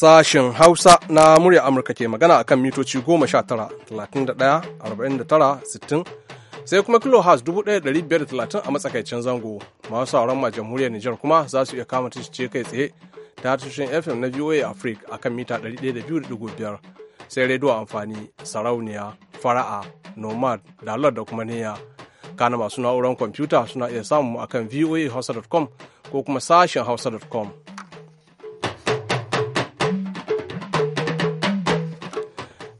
Sashen Hausa na murya Amurka ke magana akan mitoci 19-31-49-60 sai kuma kilohertz 1530 a matsakaicin zango masu sauran ma jamhuriyar Nijar kuma za su iya kama ce kai tsaye ta tushen FM na VOA Africa akan mita 102.5 sai rediyo amfani sarauniya fara'a nomad dalar da kuma niyya kana masu na'urar kwamfuta suna iya samu akan voahausa.com ko kuma sashen hausa.com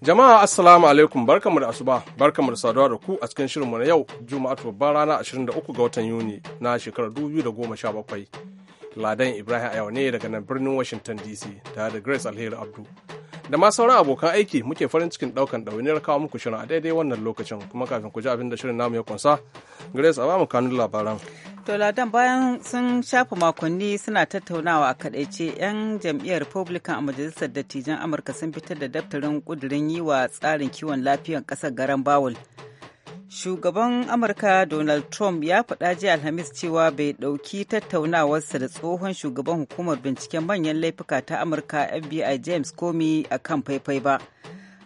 Jama'a Assalamu alaikum barkamu da asuba barkamu da saduwa da ku a cikin shirinmu na yau Juma'a babban rana 23 ga watan Yuni na shekarar 2017. Ladan Ibrahim a ne daga nan birnin Washington DC tare da Grace Alheri abdul da ma sauran abokan aiki muke farin cikin daukan ɗawainiyar kawo muku shirin a daidai wannan lokacin kuma kafin ku ji abin da shirin namu ya kunsa grace a mu kanun labaran to ladan bayan sun shafa makonni suna tattaunawa a kadaice yan jam'iyyar republican a majalisar dattijan amurka sun fitar da daftarin kudirin yi wa tsarin kiwon lafiyar kasar garan bawul Shugaban Amurka Donald Trump ya faɗa jiya Alhamis cewa bai ɗauki tattaunawarsa da tsohon shugaban hukumar binciken manyan laifuka ta Amurka FBI James Comey a kan faifai ba.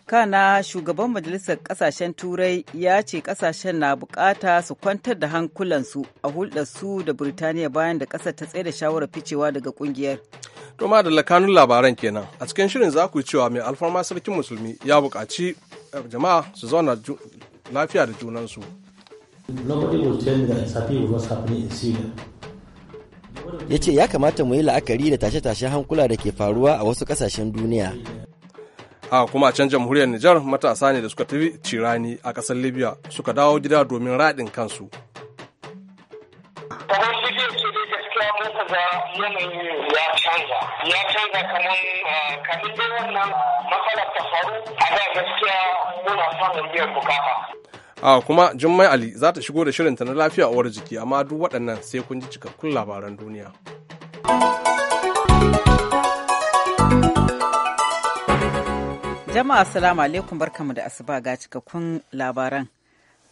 Kana shugaban Majalisar kasashen Turai ya ce kasashen na bukata su kwantar da hankulansu a hulɗarsu da burtaniya bayan da ƙasar ta tsaye da shawarar ficewa daga kungiyar. To ma da lakanun labaran kenan a cikin shirin za ku cewa mai alfarma sarkin musulmi ya buƙaci eh, jama'a su zauna lafiya da junansu. ya ce ya kamata mu yi la'akari da tashe-tashen hankula da ke faruwa a wasu ƙasashen duniya. A kuma can jamhuriyar Nijar matasa ne da suka tafi cirani a ƙasar Libya suka dawo gida domin raɗin kansu. ya canza ya canza kamar da wannan matsalar a da gaskiya muna samun biyar bukata A kuma Jummai Ali za ta shigo da shirinta na lafiya uwar jiki amma duk waɗannan sai kun ji cikakkun labaran duniya. Jama'a salamu alaikum barkamu da asuba ga cikakkun labaran.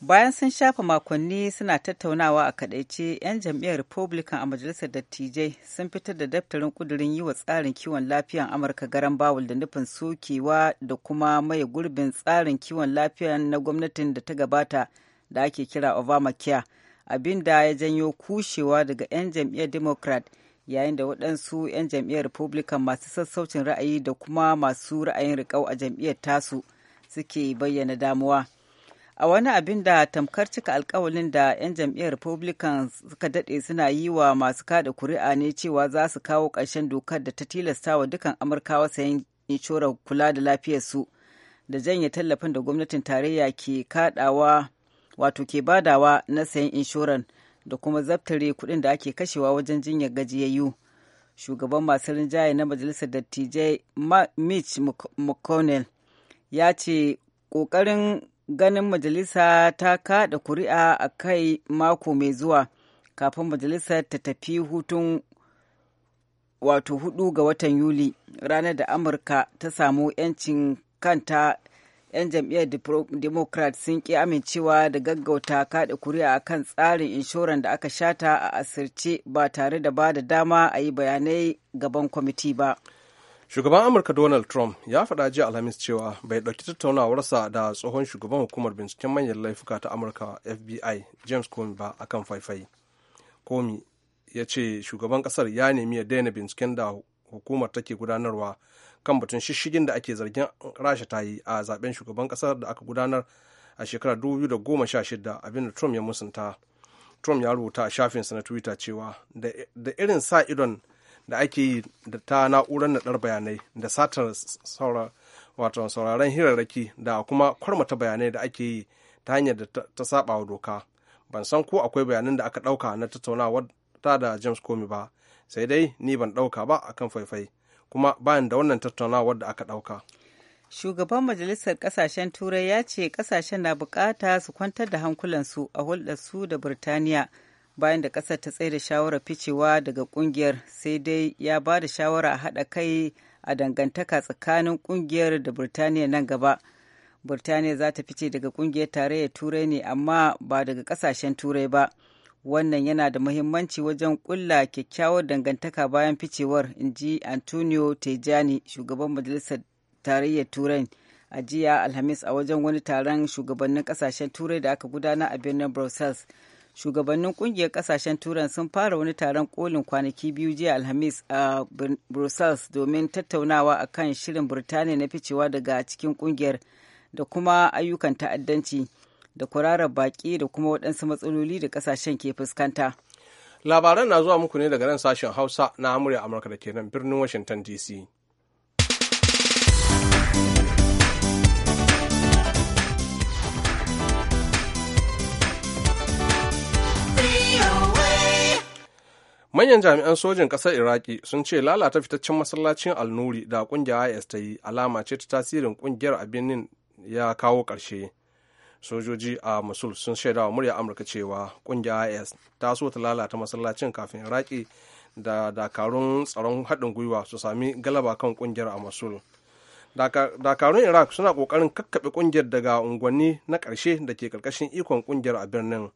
bayan sun shafa makonni suna tattaunawa a kadaice 'yan jam'iyyar republican a majalisar dattijai sun fitar da daftarin kudurin yi wa tsarin kiwon lafiyan amurka garan bawul da nufin sokewa da kuma mai gurbin tsarin kiwon lafiyan na gwamnatin da ta gabata da ake kira obamacare abin da ya janyo kushewa daga 'yan jam'iyyar democrat yayin da waɗansu 'yan jam'iyyar republican masu sassaucin ra'ayi da kuma masu ra'ayin riƙau a jam'iyyar tasu suke bayyana damuwa. a wani abin da tamkar cika alkawalin da 'yan jam'iyyar republicans suka dade suna yi wa masu kada kuri'a ne cewa za su kawo ƙarshen dokar da ta tilasta wa dukkan amurkawa sayan inshorar kula da lafiyarsu da janye tallafin da gwamnatin tarayya ke kadawa wato ke badawa na sayan inshorar da kuma zaftare kuɗin da ake kashewa wajen jinyar gajiyayyu shugaban masu rinjaye na majalisar dattijai mitch mcconnell ya ce ƙoƙarin ganin majalisa ta kaɗa kuri'a a kai mako mai zuwa kafin Majalisa ta tafi hutun wato hudu ga watan yuli ranar da amurka ta samu 'yancin kanta 'yan jam'iyyar democrat sun ki amincewa da gaggauta kaɗa kuri'a a kan tsarin inshoran da aka shata a asirce ba tare da ba da dama a yi bayanai gaban kwamiti ba. shugaban amurka donald trump ya faɗa jiya alhamis cewa bai ɗauki tattaunawarsa da tsohon shugaban hukumar binciken manyan laifuka ta amurka fbi james comey ba a kan faifai comey ya ce shugaban ƙasar ya nemi ya daina binciken da hukumar take gudanarwa kan batun shishigin da ake zargin rasha ta yi a zaben shugaban ƙasar da aka gudanar a shekarar 2016 abinda trump ya musanta trump ya rubuta a shafinsa na twitter cewa da irin sa idon da ake yi ta na'urar naɗar bayanai da satar wato sauraron hirarraki da kuma kwarmata bayanai da ake yi ta hanyar da ta saba wa doka ban san ko akwai bayanan da aka ɗauka na tattaunawa ta da james comey ba sai dai ni ban ɗauka ba akan faifai kuma bayan da wannan tattaunawar da aka ɗauka shugaban majalisar kasashen turai ya ce ƙasashen na bukata su kwantar da hankulansu a hulɗarsu da birtaniya bayan da ƙasar ta tsaye da shawarar ficewa daga ƙungiyar sai dai ya ba da shawara a haɗa kai a dangantaka tsakanin ƙungiyar da Birtaniya nan gaba. Birtaniya za ta fice daga ƙungiyar tarayyar Turai ne amma ba daga ƙasashen Turai ba. Wannan yana da muhimmanci wajen kulla kyakkyawar dangantaka bayan ficewar, in ji Antonio Tejani, shugaban Majalisar Tarayyar Turai. A jiya Alhamis a wajen wani taron shugabannin ƙasashen Turai da aka gudana a birnin Brussels. shugabannin kungiyar kasashen turan sun fara wani taron kolin kwanaki biyu jiya alhamis a brussels domin tattaunawa akan shirin birtaniya na ficewa daga cikin kungiyar da kuma ayyukan ta'addanci da kwararar baƙi da kuma waɗansu matsaloli da kasashen ke fuskanta labaran na zuwa muku ne daga nan sashen hausa na amurya amurka da ke nan birnin washington dc manyan jami'an sojin ƙasar iraki sun ce lalata fitaccen masallacin alnuri da ƙungiyar is ta yi alama ce ta tasirin ƙungiyar a ya kawo ƙarshe sojoji a mosul sun shaidawa murya amurka cewa ƙungiyar is ta so ta lalata masallacin kafin iraki da dakarun tsaron haɗin gwiwa su sami galaba kan ƙungiyar a mosul dakarun iraq suna ƙoƙarin kakkaɓe ƙungiyar daga unguwanni na ƙarshe da ke ƙarƙashin ikon ƙungiyar a birnin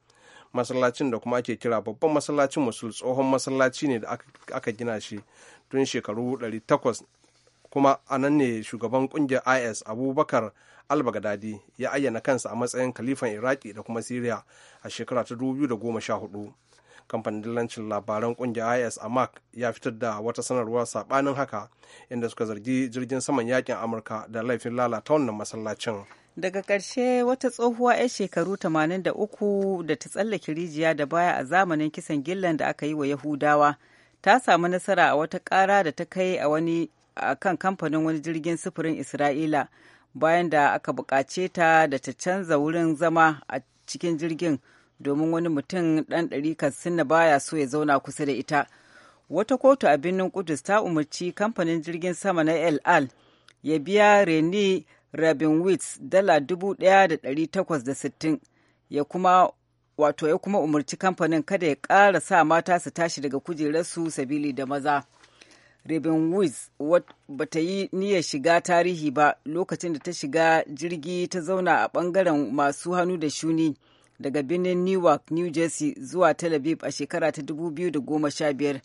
masallacin da kuma ake kira babban masallacin musul tsohon masallaci ne da aka gina shi tun shekaru 800 kuma a nan ne shugaban kungiyar is abubakar albagadadi ya ayyana kansa a matsayin kalifan iraki da kuma siriya a shekara ta 2014 kamfanin dillancin labaran kungiyar is a Mark ya fitar da wata sanarwa sabanin haka inda suka zargi jirgin saman yakin amurka da laifin lalata wannan masallacin daga karshe wata tsohuwa 'yar shekaru 83 da ta tsallake rijiya da baya a zamanin kisan gillan da aka yi wa yahudawa ta samu nasara a wata kara da ta kai a wani a kan kamfanin wani jirgin sufurin isra'ila bayan da aka bukace ta da ta canza wurin zama a cikin jirgin domin wani mutum ɗan ɗari ɗarikar na baya so ya zauna kusa da ita wata kotu a birnin kudus ta umarci kamfanin jirgin sama na el al ya biya reni rabin wits dala dubu da ɗaya sittin ya kuma wato ya kuma umarci kamfanin kada ya ƙara sa mata su tashi daga kujerarsu sabili da maza rabin wits bata yi niyyar shiga tarihi ba lokacin da ta shiga jirgi ta zauna a ɓangaren masu hannu da shuni daga birnin newark new jersey zuwa tel aviv a shekara ta 2015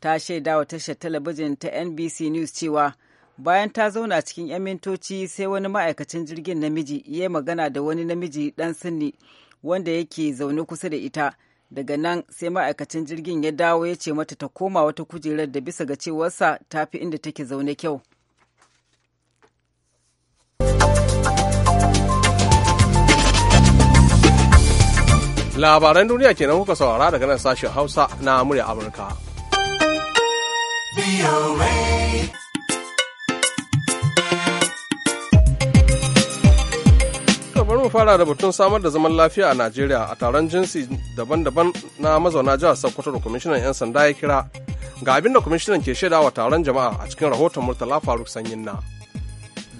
ta shaida wa tashar talabijin ta nbc news cewa bayan ta zauna cikin 'yan mintoci sai wani ma'aikacin jirgin namiji ya magana da wani namiji dan sinni wanda yake zaune kusa da ita daga nan sai ma'aikacin jirgin ya dawo ya ce mata ta koma wata kujerar da bisa ga cewarsa ta fi inda take zaune kyau Labaran duniya ke nan kuka saurara daga nan sashen Hausa na murya Amurka. bari mu fara da batun samar da zaman lafiya a Najeriya a taron jinsi daban-daban na mazauna jihar Sokoto da kwamishinan 'yan sanda ya kira ga abin da kwamishinan ke shaida wa taron jama'a a cikin rahoton Murtala Faruk Sanyin na.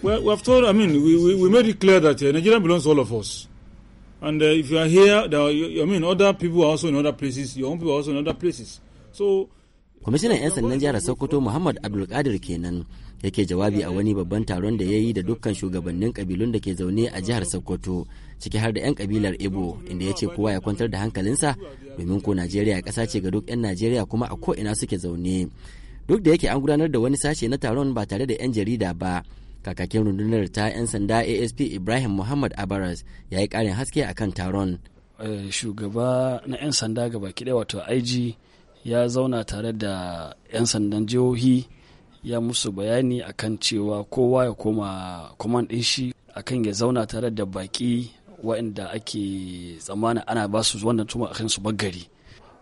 We, we have told, I mean, we, made it clear that uh, Nigeria belongs to all of us. And uh, if you are here, there are, I mean, other people are also in other places. Your own people are also in other places. So. Kwamishinan 'yan sandan jihar Sokoto Muhammad Abdulkadir kenan yake jawabi a wani babban taron da ya yi da dukkan shugabannin kabilun da ke zaune a jihar Sokoto ciki har da 'yan kabilar Ibo inda ya ce kowa ya kwantar da hankalinsa domin ko Najeriya ƙasa ce ga duk 'yan Najeriya kuma a ko ina suke zaune. Duk da yake an gudanar da wani sashe na taron ba tare da 'yan jarida ba kakakin rundunar ta 'yan sanda asp ibrahim muhammad abaras ya yi karin haske akan taron eh, shugaba na 'yan sanda gaba ɗaya wato ig ya zauna tare da 'yan sandan jihohi ya musu bayani akan cewa kowa ya koma kuma ɗin shi akan ya zauna tare da baki waɗanda ake tsammanin ana ba su wannan tuma akan su baggari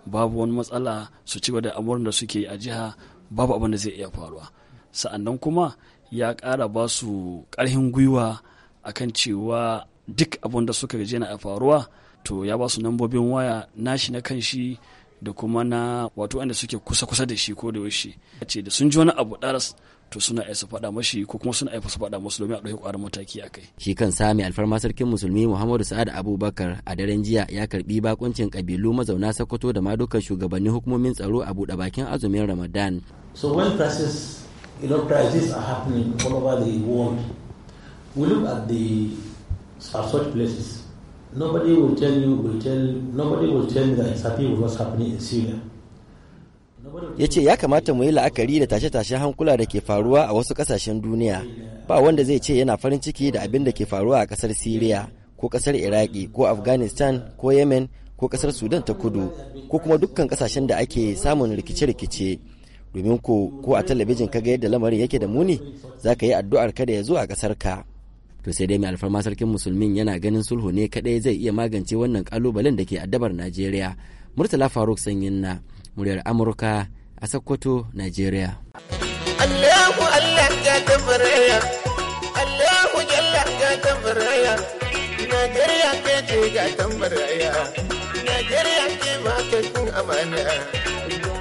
babu wani matsala su ci da amurin da suke yi a jiha babu abin da zai iya faruwa sa'annan kuma ya ƙara ba su ƙarfin gwiwa akan cewa duk abin da suka gaje na a faruwa to ya ba su nambobin waya nashi na kan shi da kuma na wato wanda suke kusa-kusa da shi ko da yaushe ce da sun ji wani abu daras to suna iya su fada mashi ko kuma suna iya su faɗa musu domin a ɗauki ƙwarin mataki a kai. Shi kan sami alfarma sarkin musulmi Muhammadu Sa'ad Abubakar a daren jiya ya karbi bakuncin kabilu mazauna Sokoto da ma dukkan shugabannin hukumomin tsaro a buɗe bakin azumin Ramadan. So when a lot of crises are happening all over the world. We look at the at such places. Nobody will tell you, will tell, nobody will tell you that it's happening with what's happening in Syria. ya ce ya kamata mu yi la'akari da tashe-tashen hankula da ke faruwa a wasu kasashen duniya ba wanda zai ce yana farin ciki da abin da ke faruwa a kasar syria ko kasar iraki ko afghanistan ko yemen ko kasar sudan ta kudu ko kuma dukkan kasashen da ake samun rikice-rikice domin ko ko a talabijin kaga yadda lamarin yake da muni za ka yi addu'ar kada ya zo a ƙasar ka to sai dai mai alfarma sarkin musulmin yana ganin sulhu ne kadai zai iya magance wannan kalubalen da ke addabar najeriya murtala faruk sanyin na muryar amurka a sokoto najeriya Allahu Najeriya ke ce ga Najeriya ke ma kun amana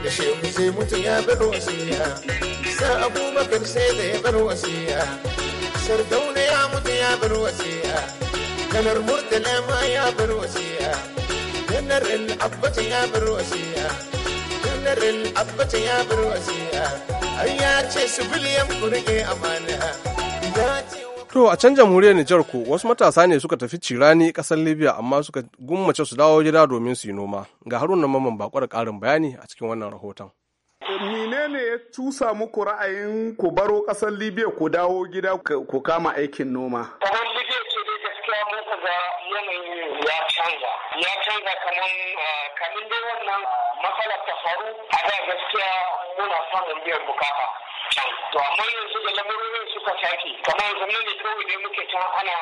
da shehu sai mutum ya bar wasiya sa abubakar sai da ya bar wasiya sardauna ya mutu ya bar wasiya kamar murtala ma ya bar wasiya janar al'abbata ya bar wasiya janar al'abbata ya bar wasiya An ya ce su biliyan kurge amana To a can jamhuriyar Nijar ku wasu matasa ne suka tafi cirani kasar Libya amma suka gummace su dawo gida domin su yi noma. Ga haruna mamman bako da ƙarin bayani a cikin wannan rahoton. mine ne ya cusa muku ra'ayin ku baro ƙasar Libya ku dawo gida ku kama aikin noma? Kamar Libya ce dai gaskiya muku ga yanayin ya canza. kamar ah, kamin dai wannan ah, matsalar ta faru a da gaskiya muna son bukata. to amma yanzu da lamurorin suka sake kamar yanzu ne kawai ne muke can ana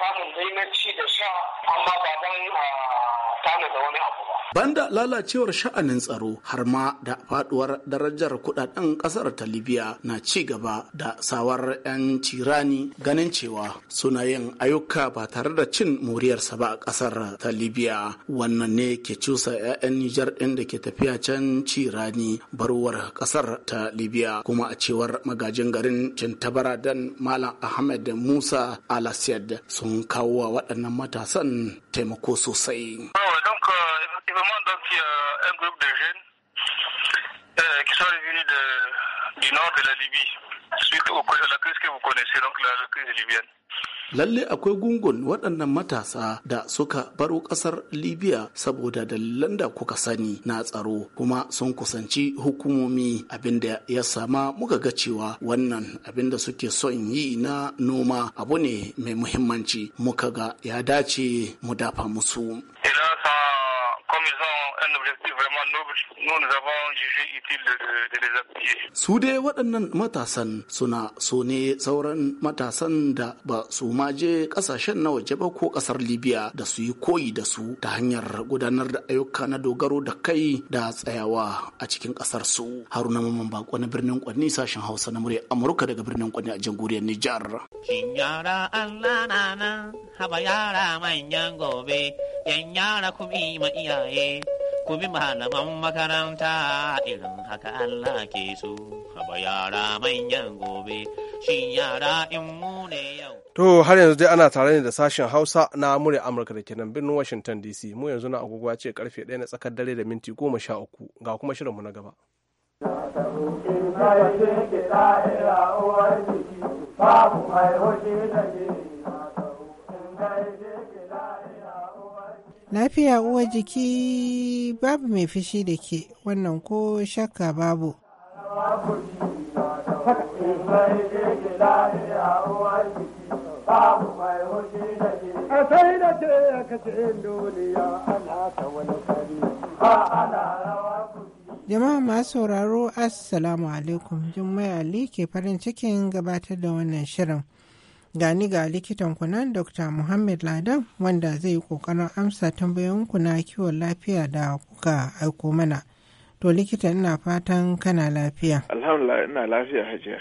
samun dai ci da sha amma ba don a ah, tana da wani abu ba banda lalacewar sha'anin tsaro har ma da faduwar darajar kudaden kasar ta libya na ci gaba da sawar 'yan cirani ganin cewa suna yin ayyuka ba tare da cin moriyarsa ba a kasar ta libya wannan ne ke cusa 'ya'yan nijar ɗin da ke tafiya can cirani barwar kasar ta libya kuma a cewar magajin garin cintabara Dan malam ahmed musa alasiyad sun kawo wa waɗannan matasan taimako sosai effectivement, donc, il y a un groupe de jeunes euh, qui sont revenus de, du nord de la Libye suite au, à la crise que vous connaissez, donc la, la crise libyenne. lalle akwai gungun waɗannan matasa da suka baro ƙasar libya saboda dalilan da kuka sani na tsaro kuma sun kusanci hukumomi abinda ya sama muka ga cewa wannan abinda suke son yi na noma abu ne mai muhimmanci muka ga ya dace mu dafa musu. Ina comme ils ont un objectif vraiment noble, nous, nous avons jugé utile de, de les appuyer. Su dai waɗannan matasan suna so ne sauran matasan da ba su maje ƙasashen na waje ba ko ƙasar Libya da su yi koyi da su ta hanyar gudanar da ayyuka na dogaro da kai da tsayawa a cikin ƙasar su. Haruna Mamman Bako na birnin Kwanni sashen Hausa na murya Amurka daga birnin Kwanni a jamhuriyar Nijar. Kin yara Allah na nan, haba yara manyan gobe. 'yan yara ku bi ma iyaye ku bi malaman makaranta irin haka Allah ke so haba yara manyan gobe shi yara in mu ne yau to har yanzu dai ana tare ne da sashen Hausa na murya Amurka da kenan birnin Washington DC mu yanzu na agogo ce karfe 1 na tsakar dare da minti sha uku, ga kuma shirinmu na gaba Babu mai hoji da ke ke Lafiya uwar jiki babu mai fushi da ke wannan ko shakka babu. Jama'a masu sauraro Assalamu alaikum Jummai Ali ke farin cikin gabatar da wannan shirin. gani ga likitan kunan dr muhammad ladan wanda zai yi kokarin amsa tambayoyinku na kiwon lafiya da kuka aiko mana to likita ina fatan kana lafiya alhamdulillah ina lafiya hajiya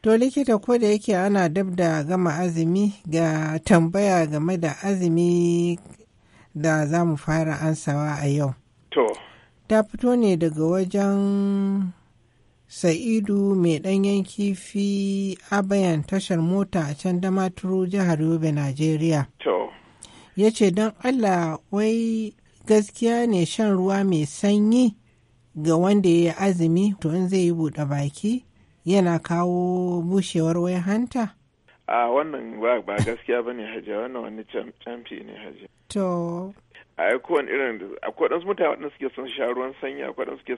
to likita ko da yake ana dab da gama azumi ga tambaya game da azumi da za mu fara ansawa a yau to ta fito ne daga wajen sa'idu mai ɗanyen kifi a bayan tashar mota a can damaturu jihar yobe najeriya ya ce don allah wai gaskiya ne shan ruwa mai sanyi ga wanda ya yi azumi to in zai yi buɗe baki yana kawo bushewar wai hanta a wannan ba gaskiya ba ne hajiya wannan wani camfi ne hajiya to a kowane irin akwai ɗansu mutane waɗanda suke son sha ruwan sanyi akwai ɗansu suke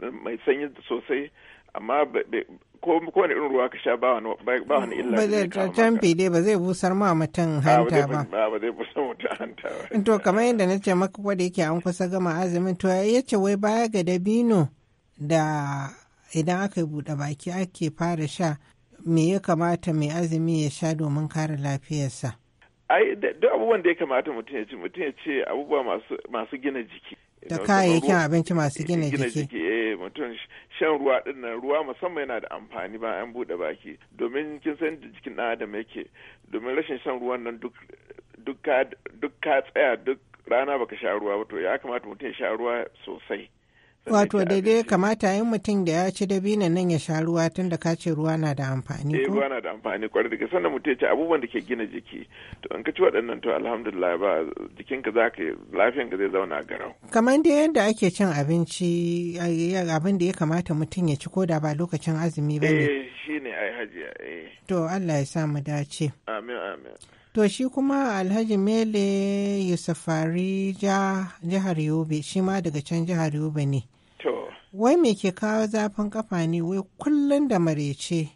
sa mai sanyi sosai amma kowane irin ruwa ka sha ba wani illa ba zai canfi dai ba zai busar ma mutum hanta ba ba zai busar mutum hanta ba to kamar yadda na ce maka kwada yake an kusa gama azumin to ya ce wai baya ga dabino da idan aka buɗe baki ake fara sha me ya kamata mai azumi ya sha domin kare lafiyarsa ai duk abubuwan da ya kamata mutum ya ci mutum ya ce abubuwa masu gina jiki da kayayyakin abinci masu eh, gina jiki eh mutum shan ruwa din nan ruwa musamman yana da amfani ba an bude baki domin kin san da jikin dan adam yake domin rashin shan ruwan nan duk duk ka tsaya duk rana baka sha ruwa ba to ya kamata mutum ya sha ruwa sosai Wato daidai kamata yin mutum da ya ci dabino nan ya sha ruwa tun da kace ruwa na da amfani eh, ko? ruwa na da amfani kwarai da gaske mutum ya abubuwan da ke gina jiki. To in ka ci waɗannan to alhamdulillah ba ka za ka ka zai zauna a garau. Kamar dai yadda ake cin abinci abin da ya kamata mutum ya ci ko da ba lokacin azumi ba ne. Eh, ai hajiya eh to Allah ya sa mu dace amin amin to shi kuma Alhaji Mele Yusufari jihar Yobe shi ma daga can jihar Yobe ne to wai me ke kawo zafin kafa ne wai kullum da marece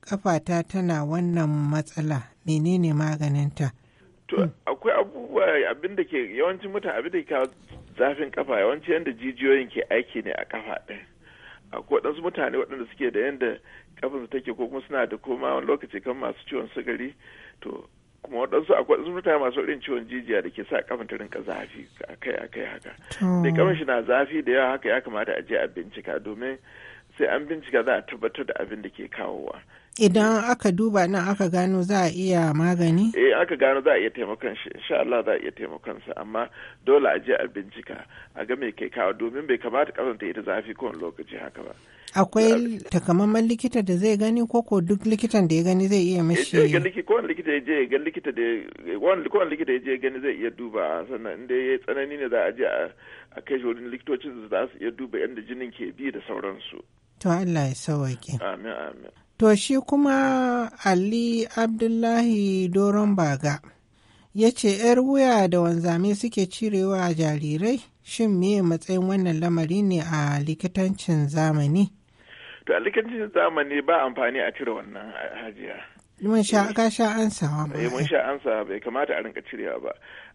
kafata tana wannan matsala menene maganinta to hmm. akwai abubuwa abin da ke yawancin mutane abin da ke kawo zafin kafa yawanci yadda jijiyoyin ke aiki ne a kafa ɗin akwai waɗansu mutane waɗanda suke da yadda kafinsu take ko kuma suna da koma wani lokaci kan masu ciwon sukari to kuma waɗansu akwai waɗansu mutane masu irin ciwon jijiya da ke sa kafin ta rinka zafi akai akai haka da kafin shi na zafi da yawa haka ya kamata a je a bincika domin sai an bincika za a tabbatar da abin da ke kawowa Idan aka duba nan aka gano za a iya magani? Eh aka gano za a iya taimakon shi, insha Allah za a iya taimakon sa amma dole a je a bincika a ga me kai kawo domin bai kamata kasanta ita zafi kowane lokaci haka ba. Akwai takamaiman likita da zai gani ko ko duk likitan da ya gani zai iya eh, mishi. Eh ga likita kowane likita ya je ga likita da kowane likita ya je gani zai iya duba sannan inda ya tsanani ne za a je a kai shi wani likitocin da za su iya duba yadda jinin ke bi da sauransu. To Allah ya sauwaƙe. Amin amin. To shi kuma Ali Abdullahi Doron Baga ya ce ‘yar wuya da wanzame suke cirewa a jarirai shin me matsayin wannan lamari ne a likitancin zamani? To a likitancin zamani ba amfani a cire wannan hajiya. Mun sha eh, ka sha ansawa ba. Eh, mun sha sawa. bai kamata a rinka cirewa ba.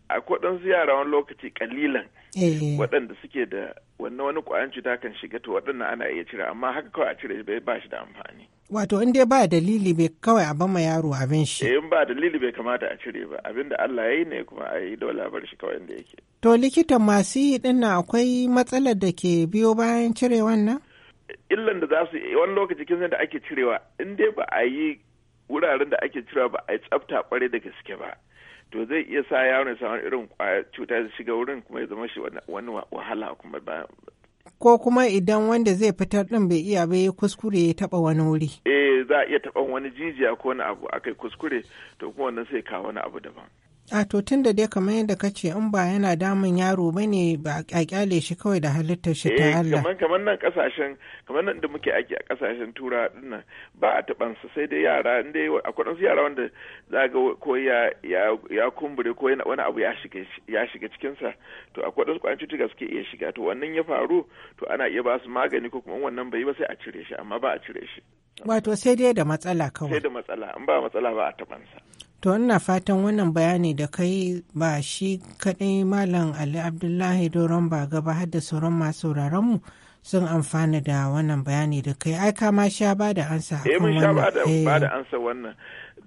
A waɗansu yara wani lokaci kalilan eh. waɗanda suke da wannan wani ƙwayan cuta kan shiga to waɗannan ana iya cire amma haka kawai a cire bai ba shi da amfani. Wato in dai ba dalili bai kawai a bama yaro abin shi. Eh, in ba dalili bai kamata a cire ba abin da Allah ya yi ne kuma a yi dole bar shi kawai inda yake. To likitan masu yi din akwai matsalar da ke biyo bayan cire wannan? Illan da za su yi wani lokaci kin da ake cirewa in dai ba a yi wuraren da ake cirewa ba a yi tsafta kwarai da gaske ba. To zai iya sa yaron samu irin cuta shiga wurin kuma ya zama shi wani wahala kuma ko kuma idan wanda zai fitar ɗin bai iya ba bai kuskure ya taɓa wani wuri. Eh za a iya taɓa wani jijiya ko wani abu akai kuskure to kuma wannan sai ka wani abu daban. A to tun da dai kamar yadda ka ce in ba yana damun yaro ba ne ba a kyale shi kawai da halittar shi ta eh, Allah. Kamar kamar nan kasashen kamar nan da muke aiki a kasashen tura dinnan ba a taban su sai dai yara in dai akwai wasu yara wanda za ga ko ya ya kumbure ko wani abu ya shiga ya shiga cikin sa to akwai wasu kwanci tuga suke iya shiga to wannan ya faru to ana iya ba su magani ko kuma wannan bai ba sai a cire shi amma ba a cire shi. Wato sai dai da matsala kawai. Sai da matsala in ba matsala ba a taban sa. To ina fatan wannan bayani da kai ba shi kaɗai Malam Ali Abdullahi Doron ba gaba har da sauran masu mu sun amfana da wannan bayani da kai ai kama sha eh, eh. ba da ansa wannan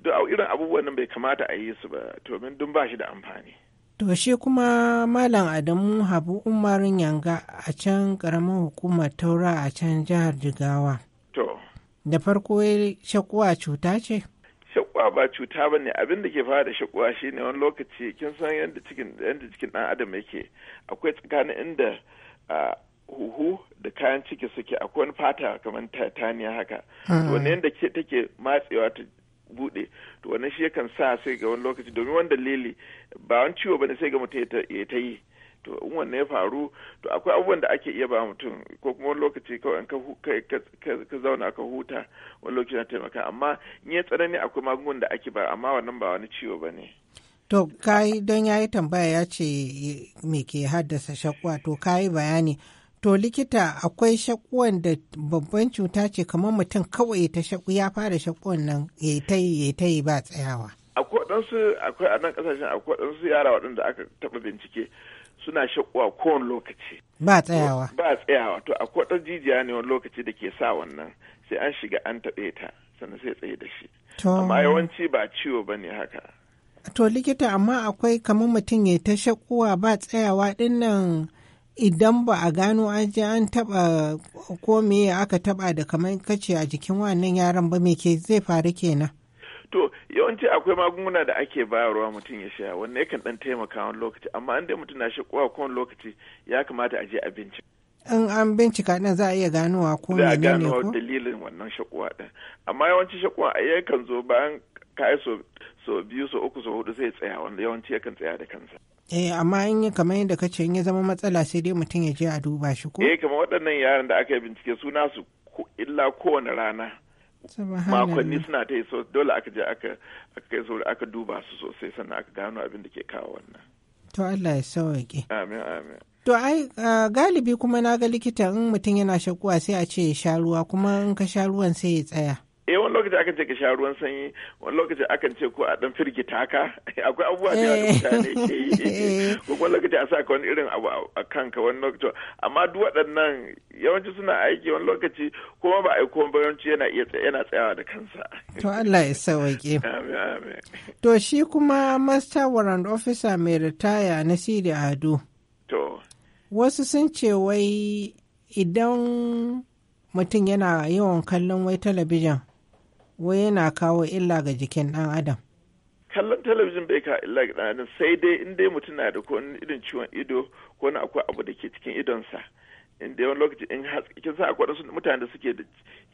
duk irin abubuwan nan bai kamata a yi su ba to min dun ba shi da amfani to shi kuma malam Adamu Habu Umarin Yanga a can karamin hukumar Taura a can jihar Jigawa to da farko shakuwa cuta ce shakwa ba cuta ba ne abin da ke fara da shakwa shi ne wani lokaci kin san yadda cikin dan cikin adam yake akwai tsakanin inda huhu da kayan ciki suke akwai wani fata kamar titaniya haka to ah. wani yadda take matsewa ta bude to wannan shi yakan sa sai ga wani lokaci domin wani dalili ba wani ciwo bane sai ga mutum ya ta yi to in wanne ya faru to akwai abubuwan da ake iya ba mutum ko kuma wani lokaci kawai ka zauna ka huta wani lokaci na taimaka amma in ya tsanani akwai magungun da ake ba amma wannan ba wani ciwo ba ne. To, kai don ya yi tambaya ya ce me ke haddasa shakwa, to ka yi bayani. To, likita akwai shakwan da babban cuta ce kamar mutum kawai ta shaku ya fara shakwan nan ya yi ya ta yi ba tsayawa. Akwai waɗansu akwai a nan ƙasashen akwai waɗansu yara waɗanda aka taɓa bincike suna shakuwa kowane lokaci. Ba tsayawa. Ba tsayawa. To akwai ɗan jijiya ne wani lokaci da ke sa wannan sai an shiga an taɓe ta sannan sai tsaye da shi. Amma yawanci ba ciwo ba ne haka. To likita amma akwai kamar mutum ya ta shakuwa ba tsayawa ɗin nan idan ba a gano an je an taɓa ko me aka taɓa da kamar kace a jikin wannan yaron ba me ke zai faru kenan. To yawanci akwai magunguna da ake bayarwa mutum ya sha wanne yakan dan taimaka wani lokaci amma an da mutum na shi kowa kowane lokaci ya kamata a je a bincika in an bincika din za a iya ganowa ko ne ne ko da dalilin wannan shakuwa din amma yawanci shakuwa a yakan zo bayan kai so so biyu so uku so hudu zai tsaya wanda yawanci yakan tsaya da kansa eh amma in yi kamar yadda ce, in ya zama matsala sai dai mutum ya je a duba shi ko eh kamar waɗannan yaran da aka yi bincike su nasu illa kowane rana makonni suna ta yi so dole aka je aka kai so aka duba su sosai sannan aka gano abin da ke kawo wannan to Allah ya sauke amin amin to ai galibi kuma na ga likita in mutum yana shakuwa sai a ce ya sha ruwa kuma in ka sha ruwan sai ya tsaya eh wani lokaci akan ce ka sha ruwan sanyi wani lokaci akan ce ko a dan firgita ka akwai abubuwa da mutane ke yi eh. ko wani lokaci a sa ka wani irin abu a kanka wani lokaci amma duk waɗannan yawanci suna aiki wani lokaci kuma ba a yi kuma bayanci yana iya yana tsayawa da kansa to Allah ya sauke to shi kuma master warrant officer mai ritaya na Sidi Ado to wasu sun ce wai idan mutum yana yawan kallon wai talabijin wai yana kawo illa ga jikin ɗan adam kallon talabijin bai ka illa ga ɗan adam sai dai in dai mutum na da ko irin ciwon ido ko na akwai abu da ke cikin idonsa in da yawan lokaci in kin sa akwai wasu mutane da suke da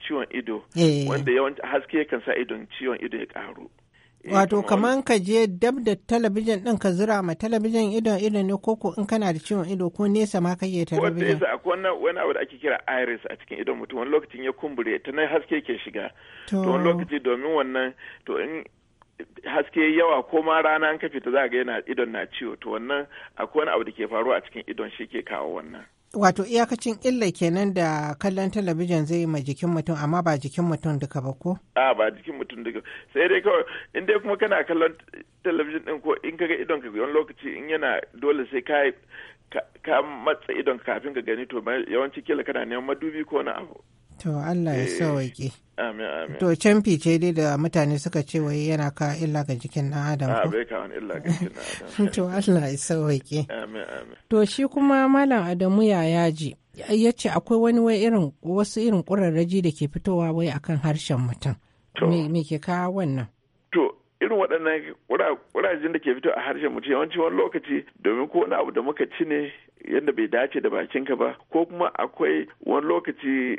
ciwon ido eh. wanda yawan haske kan sa idon ciwon ido ya ƙaru Wato kaman ka je dab da talabijin ɗin ka zira ma talabijin idon ido ne ko ko in kana da ciwon ido ko nesa ma kake talabijin. Wanda ya akwai wani wani abu da ake kira iris a cikin idon mutum wani lokacin ya kumbure ta nan haske ke shiga. To wani lokaci domin wannan to in haske yawa ko ma rana an ka fita za ga yana idon na ciwo to wannan akwai wani abu da ke faruwa a cikin idon shi ke kawo wannan. wato iyakacin illa kenan da kallon talabijin zai yi ma jikin mutum amma ba jikin mutum duka ba ko a ba jikin mutum duka sai dai kawai in dai kuma kana kallon talabijin din ko in kaga idon ka wani lokaci in yana dole sai ka ka matsa idon kafin ka gani to yawanci kila kana neman madubi ko na abu To Allah ya eh, sauwaƙe. Amin amin. To can ce dai da mutane suka ce wai yana ka illa ga jikin ɗan adam. Ah, bai ka illa ga jikin ɗan adam. To Allah ya sauwaƙe. Amin amin. To shi kuma Malam Adamu ya yaji. Ya ce akwai wani wai irin wasu irin ƙurarraji da ke fitowa wai akan harshen mutum. To. Me ke kawo wannan? To irin waɗannan ƙurarrajin da ke fito a harshen mutum yawanci wani lokaci domin ko wani abu da muka ci ne yadda bai dace da bakinka ba ko kuma akwai wani lokaci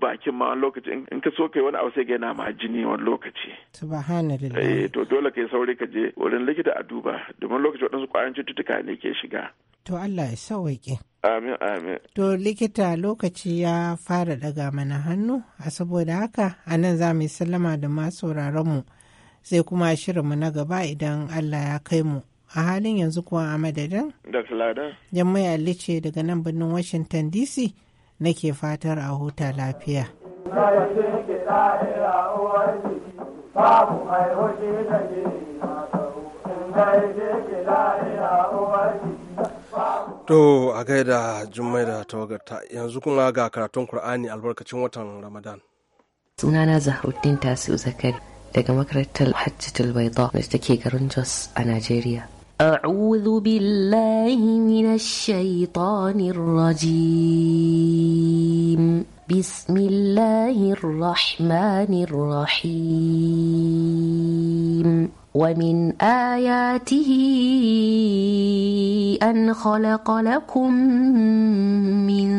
bakin ma wani lokaci in ka so kai wani abu sai ga yana ma jini wani lokaci subhanallah eh to dole kai saurayi ka je wurin likita a duba domin lokaci waɗansu ƙwayoyin cututtuka ne ke shiga to Allah ya sauwaƙe amin amin to likita lokaci ya fara daga mana hannu a saboda haka a nan za mu yi sallama da masu mu sai kuma shirinmu na gaba idan Allah ya kai mu a halin yanzu kuwa a madadin? Dr. Lada. Jammai Alice daga nan birnin Washington DC. nake fatar a huta lafiya. To a gaida jummai da tawagarta yanzu kuma ga karatun Kur'ani albarkacin watan Ramadan. Sunana Zahruddin Tasiru Zakari daga makarantar Hajjatul Baida da take garin Jos a Najeriya. أعوذ بالله من الشيطان الرجيم بسم الله الرحمن الرحيم ومن آياته أن خلق لكم من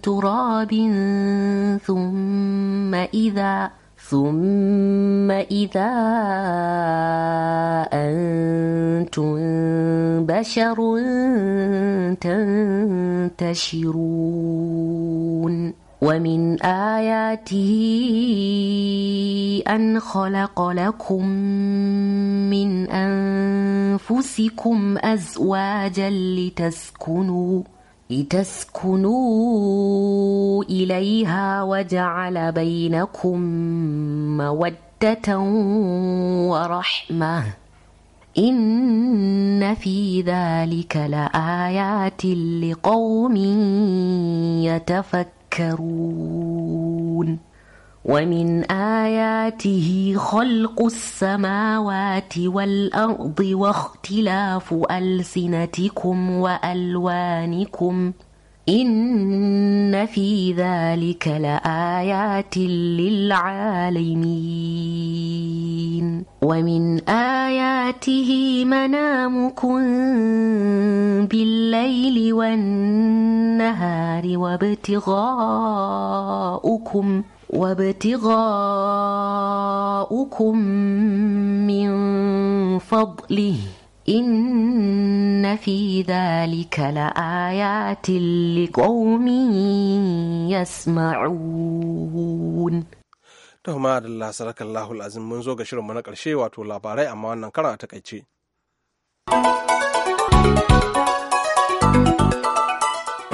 تراب ثم إذا ثم إذا أنتم بشر تنتشرون ومن آياته أن خلق لكم من أنفسكم أزواجا لتسكنوا لتسكنوا إليها وجعل بينكم مودة ورحمة إن في ذلك لآيات لقوم يتفكرون ومن آياته خلق السماوات والأرض واختلاف ألسنتكم وألوانكم إن في ذلك لآيات للعالمين ومن آياته منامكم بالليل والنهار وابتغاؤكم ۖ وابتغاءكم من فضله إن في ذلك لآيات لقوم يسمعون to ma da Allah saraka Allahul Azim mun zo ga shirinmu na ƙarshe wato labarai amma wannan karan a takaice.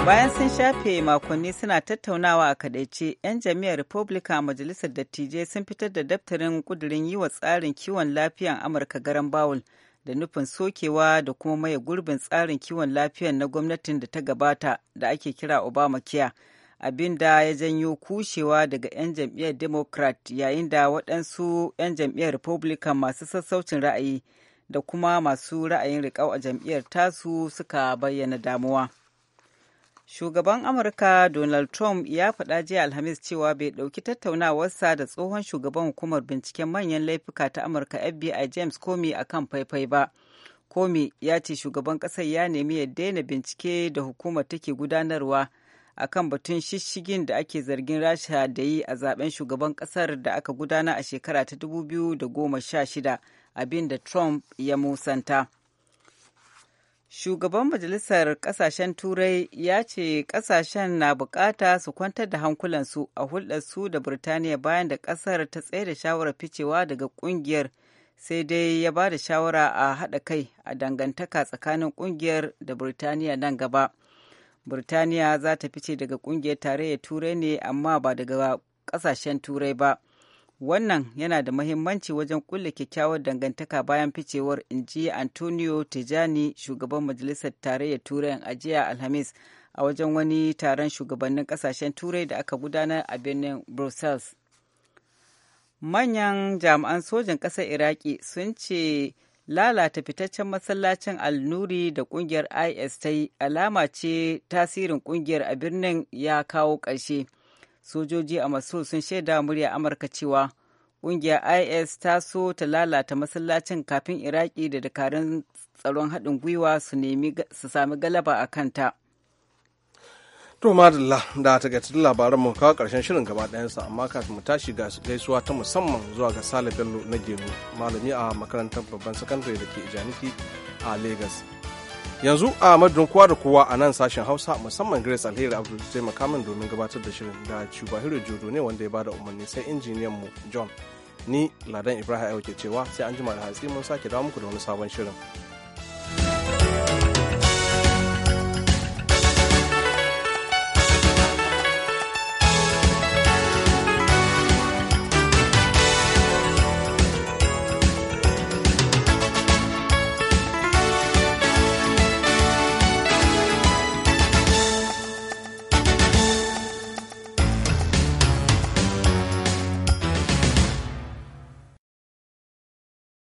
bayan sun shafe makonni suna tattaunawa a kadaice 'yan jami'ar republican a majalisar dattijai sun fitar da daftarin kudirin yi wa tsarin kiwon lafiyan amurka garan bawul da nufin sokewa da kuma maye gurbin tsarin kiwon lafiyan na gwamnatin da ta gabata da ake kira obamacare abin da ya janyo kushewa daga 'yan jam'iyyar democrat yayin da waɗansu 'yan jam'iyyar republican masu sassaucin ra'ayi da kuma masu ra'ayin riƙau a jam'iyyar tasu suka bayyana damuwa. Shugaban Amurka Donald Trump ya faɗa jiya Alhamis cewa bai ɗauki tattaunawarsa da tsohon shugaban hukumar binciken manyan laifuka ta Amurka FBI James Comey a kan faifai ba. Comey ya ce shugaban ƙasar ya nemi ya daina bincike da hukumar take gudanarwa a kan batun shishigin da ake zargin Rasha da yi a zaben shugaban ƙasar da aka gudana a shekara ta 2016 abin da Trump ya musanta. shugaban majalisar kasashen turai ya ce kasashen na bukata su kwantar da hankulansu a hulɗarsu da birtaniya bayan da ƙasar ta tsaye da shawarar ficewa daga ƙungiyar sai dai ya ba da shawara a haɗa kai a dangantaka tsakanin ƙungiyar da birtaniya nan gaba birtaniya za ta fice daga ƙungiyar tarayyar turai ne amma ba daga ƙasashen turai ba wannan yana da mahimmanci wajen kulle kyakkyawar dangantaka bayan ficewar inji antonio tijani shugaban majalisar tarayyar turai a jiya alhamis a wajen wani taron shugabannin kasashen turai da aka gudanar a birnin brussels manyan jami'an sojan ƙasar iraki sun ce lalata fitaccen masallacin al-nuri da kungiyar is ta yi alama ce tasirin kungiyar a birnin ya kawo ƙarshe. sojoji a Mosul sun shaida murya Amurka cewa ƙungiyar IS ta so ta lalata masallacin kafin Iraki da dakarun tsaron haɗin gwiwa su sami galaba a kanta. To madalla da ta gaci labaran mu kawo karshen shirin gaba ɗayansa amma kafin mu tashi ga gaisuwa ta musamman zuwa ga Sale Bello na Gero malami a makarantar babban sakandare da ke Ijaniki a Legas. yanzu a madadin kowa da kowa a nan sashen hausa musamman grace alheri abdul taimaka min domin gabatar da shirin da cubahiro jodo ne wanda ya bada umarni sai injiniyan mu john ni ladan ibrahim ke cewa sai an jima da hatsi mun sake dawo muku da wani sabon shirin